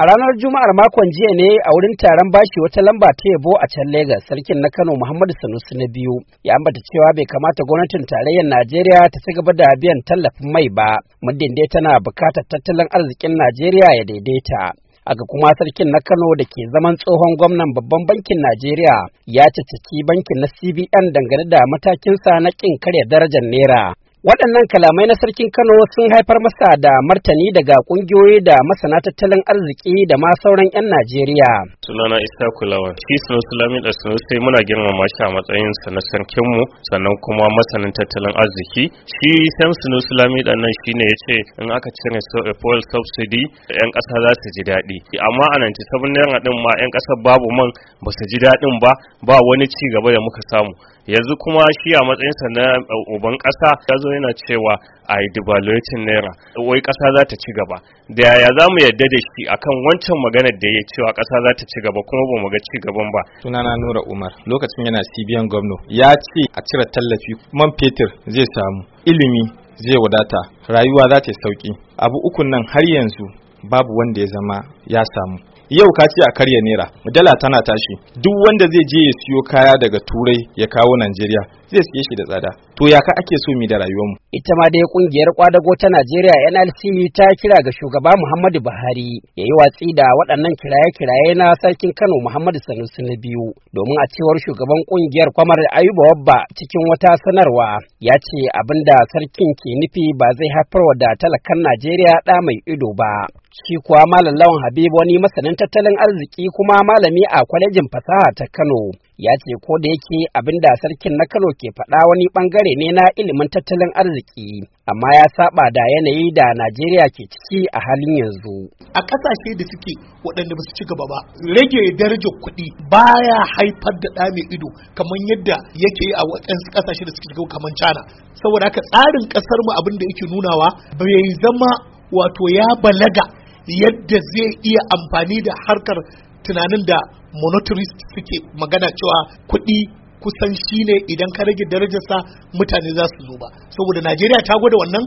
A ranar Juma'ar makon jiya ne a wurin taron bashi wata lamba ta yabo a can Legas, sarkin na Kano Muhammadu Sanusi na biyu ya ambata cewa bai kamata gwamnatin tarayyar Najeriya ta ci gaba da biyan tallafin mai ba, muddin dai tana bukatar tattalin arzikin Najeriya ya daidaita. Aga kuma sarkin na Kano da ke zaman tsohon gwamnan babban bankin Najeriya ya cacaci bankin na CBN dangane da matakinsa na ƙin karya darajar Naira. Waɗannan kalamai na sarkin Kano sun haifar masa da martani daga ƙungiyoyi da masana tattalin arziki da ma sauran 'yan Najeriya. Sunana Isa Kulawa, shi Sunusulami da sai muna girmama shi a matsayin sa na sarkinmu sannan kuma masanin tattalin arziki. Shi Sam Sunusulami da nan shi ne ya ce in aka cire fuel subsidy 'yan ƙasa za su ji daɗi. Amma a nan naira ɗin ma 'yan ƙasa babu man ba su ji daɗin ba ba wani ci gaba da muka samu. yanzu kuma shi a matsayinsa na uh, uban ƙasa ya zo yana cewa a yi devaluating naira wai ƙasa za ta ci gaba da yaya za mu yadda da shi akan wancan maganar da ya cewa ƙasa za ta ci gaba kuma ba mu ga ci gaban ba sunana nura umar lokacin yana Cibiyar gwamno ya ce a cire tallafi man fetur zai samu ilimi zai wadata rayuwa za ta sauki abu ukun nan har yanzu babu wanda ya zama ya samu yau ka ce a karya naira dala tana tashi duk wanda zai je ya siyo kaya daga turai ya kawo Najeriya zai siye shi da tsada to ya ka ake so mi da rayuwarmu ita ma dai kungiyar kwadago ta Najeriya NLC ta kira ga shugaba Muhammadu Buhari yayi watsi da waɗannan kiraye-kiraye na sarkin Kano Muhammadu Sanusi na biyu domin a cewar shugaban kungiyar Kwamar Ayuba Wabba cikin wata sanarwa ya ce abin da sarkin ke nufi ba zai haifar wa da talakan Najeriya ɗa mai ido ba shi kuwa malam lawan habibu wani masanin tattalin arziki kuma malami a kwalejin fasaha ta kano ya ce ko da yake abin da sarkin na Kano ke faɗa wani ɓangare ne na ilimin tattalin arziki amma ya saba da yanayi da Najeriya ke ciki a halin yanzu. A ƙasashe da suke waɗanda ba su ci gaba ba, rage darajar kuɗi baya haifar da ɗa mai ido kamar yadda yake a waɗansu ƙasashe da suke gaba kamar China. Saboda haka tsarin ƙasar mu abin da yake nunawa bai zama wato ya balaga yadda zai iya amfani da harkar tunanin da monetarist suke magana cewa kuɗi kusan shi ne idan ka rage darajarsa mutane za su zo ba saboda najeriya ta gwada wannan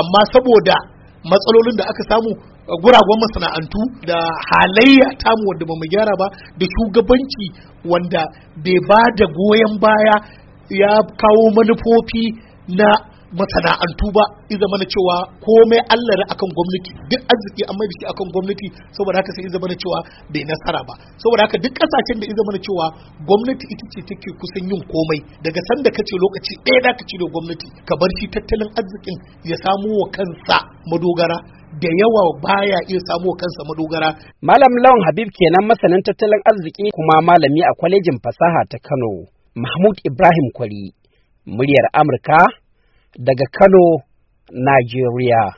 amma saboda matsalolin da aka samu guragon masana'antu da halayya tamu wanda ba mu gyara ba da shugabanci wanda bai ba da goyon baya ya kawo manufofi na masana'antu ba in zama mana cewa komai Allah ne akan gwamnati duk arziki an mai biki akan gwamnati saboda haka sai zama mana cewa bai nasara ba saboda haka duk kasashen da in zama mana cewa gwamnati ita ce take kusan yin komai daga sanda kace lokaci ɗaya zaka cire gwamnati ka bar shi tattalin arzikin ya samu wa kansa madogara da yawa baya iya samo kansa madogara. Malam Lawan Habib kenan masanin tattalin arziki kuma malami a kwalejin fasaha ta Kano, Mahmud Ibrahim Kwari, muryar Amurka daga Kano, Najeriya.